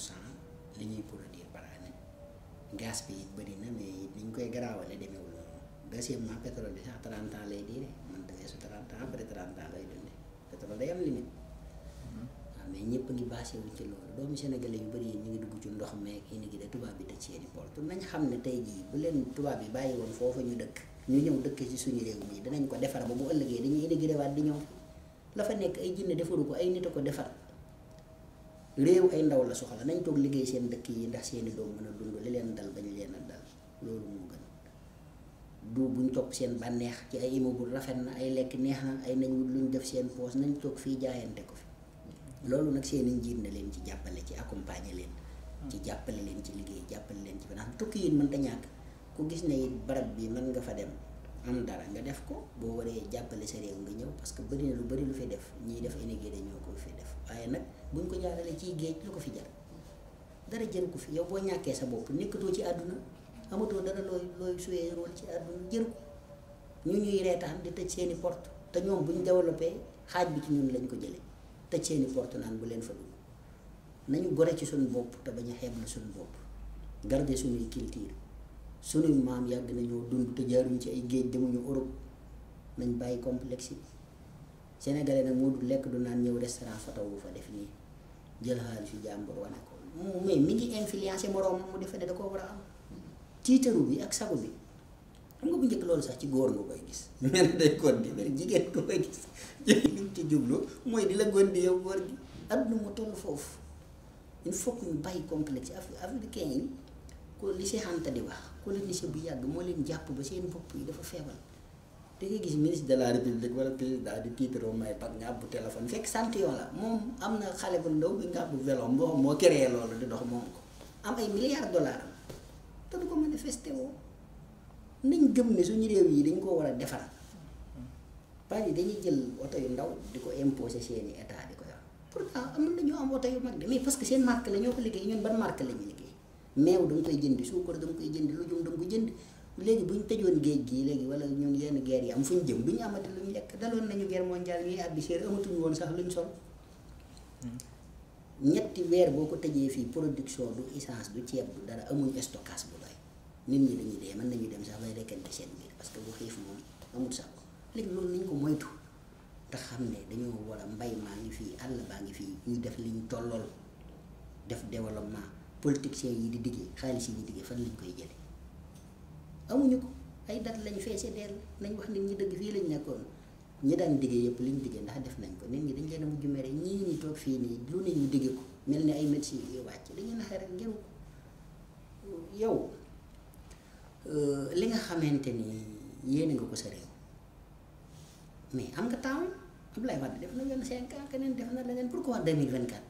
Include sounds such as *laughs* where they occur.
cent li ñuy produire par année gaz bi it bëri na mais it ni ñu koy garaawalee demeewul noonu deuxièmement pétrole bi sax 30 ans lay diire man dafay su 30 ans après 30 ans lay dundee pétrole day am limite mhm. waaw mais ñëpp ngi basé wuñ ci loolu doomu sénégalais yu bëri yi ñu ngi dugg ci ndox meeg indi gi de tubaab bi tëj seeni port nañ xam ne tey jii bu leen tubaab yi bàyyi woon foofa ñu dëkk ñu ñëw dëkk ci suñu réew mi danañ ko defar ba bu ëllëgee dañuy indi gi di ñëw la fa nekk ko ay nit a ko defar réew ay ndaw la soxla nañ toog liggéey seen dëkk yi ndax seeni doom mën a dund li leen dal bañ leen a dal loolu moo gën du buñ topp seen bànneex ci ay immeuble rafet na ay lekk neex na ay nañ wut luñ def seen poos nañ toog fii jaayante ko fi loolu nag seeni njiit na leen ci jàppale ci accompagner leen ci jàppale leen ci liggéey jàppale leen ci ba ndax tukki yi mën ta ñàkk ku gis ne it barab bi mën nga fa dem am dara nga def ko boo waree jàppale sa réew nga ñëw parce que bëri na lu bari lu fi def ñiy def énigé de ñoo ko fi def waaye nag buñ ko jaarale ciy géej lu ko fi jar dara jën ko fi yow boo ñàkkee sa bopp nekkatoo ci àdduna amatoo dara looy looy suyee rôle ci àdduna jër ko ñu ñuy reetaan di tëj seeni porte te ñoom buñ développé xaaj bi ci ñun lañ ko jëlee tëj seeni porte naan bu leen fa dugg nañu gore ci suñu bopp te bañ a xeeb la suñu bopp garder suñuy culture sunuy maam yàgg nañoo dund te jaaruñ ci ay géej demuñu Europe nañ bàyyi complexe bi sénégalais nag moo du lekk du naan ñëw restaurant fa tawu fa def nii jël xaalis yu jàmbur wane ko mais mi ngi influencé moroom mu defe ne da koo war a am tiitaru bi ak sago bi xam nga bu njëkk loolu sax ci góor nga koy gis *laughs* mel ne day continuer jigéen nga koy gis *laughs* liñ ci jublu mooy di la gondi yow góor gi adduna mu toll foofu il faut que ñu bàyyi complexe africain yi ko li Cheikh Anta di wax colonisé bu yàgg moo leen jàpp ba seen bopp yi dafa feebal da ngay gis ministre de la république wala président di tiitaroo may pat ngàbbu téléphone fekk sant yoo la moom am na xale bu ndaw bi ngàbbu vélo moo créé loolu di dox moom ko am ay milliards dollars am te du ko manifesté woo nañ gëm ne suñu réew yi dañ koo war a defar parce que dañuy jël oto yu ndaw di ko imposer seeni état di ko yor pourtant am na ñoo am oto yu mag de mais parce que seen marque la ko liggéey ñun ban marque la ñu liggéey meew dama koy jëndi suukar dama koy jëndi lujum dama ko jëndi léegi bu ñu tëjoon géej gi léegi wala ñun yenn guerre yi am fu ñu jëm bu ñu amati lu ñu lekk daloon nañu guerre mondiale yi àbbi séer amatuñu woon sax luñ sol hmm. ñetti weer boo ko tëjee fii production du essence du ceeb du dara amuñ stockage bu doy nit ñi dañuy dee mën nañu dem sax bay rekkante seen biir parce que bu xiif moom amul sax léegi loolu nañ ko moytu te xam ne dañoo war a mbay maa ngi fii àll baa ngi fii ñu def liñ tollool def développement politiciens yi di diggee xaalis yi ñuy diggee fan lañ koy jële amuñu ko ay dat lañ feese deel nañ wax nit ñi dëgg fii lañ nekkoon ñi daan diggee yëpp liñ diggee ndax def nañ ko nit ñi dañ leen a mujj mere ñi toog fii nii lu ne diggee ko mel ni ay médecins yi wàcc dañuy naxee rek ngeru ko yow euh, li nga xamante ni yéene nga ko sa réew mais am nga temps Abdoulaye Wade def na vingt cinq ans keneen def na leneen pourquoi deux mille vingt quatre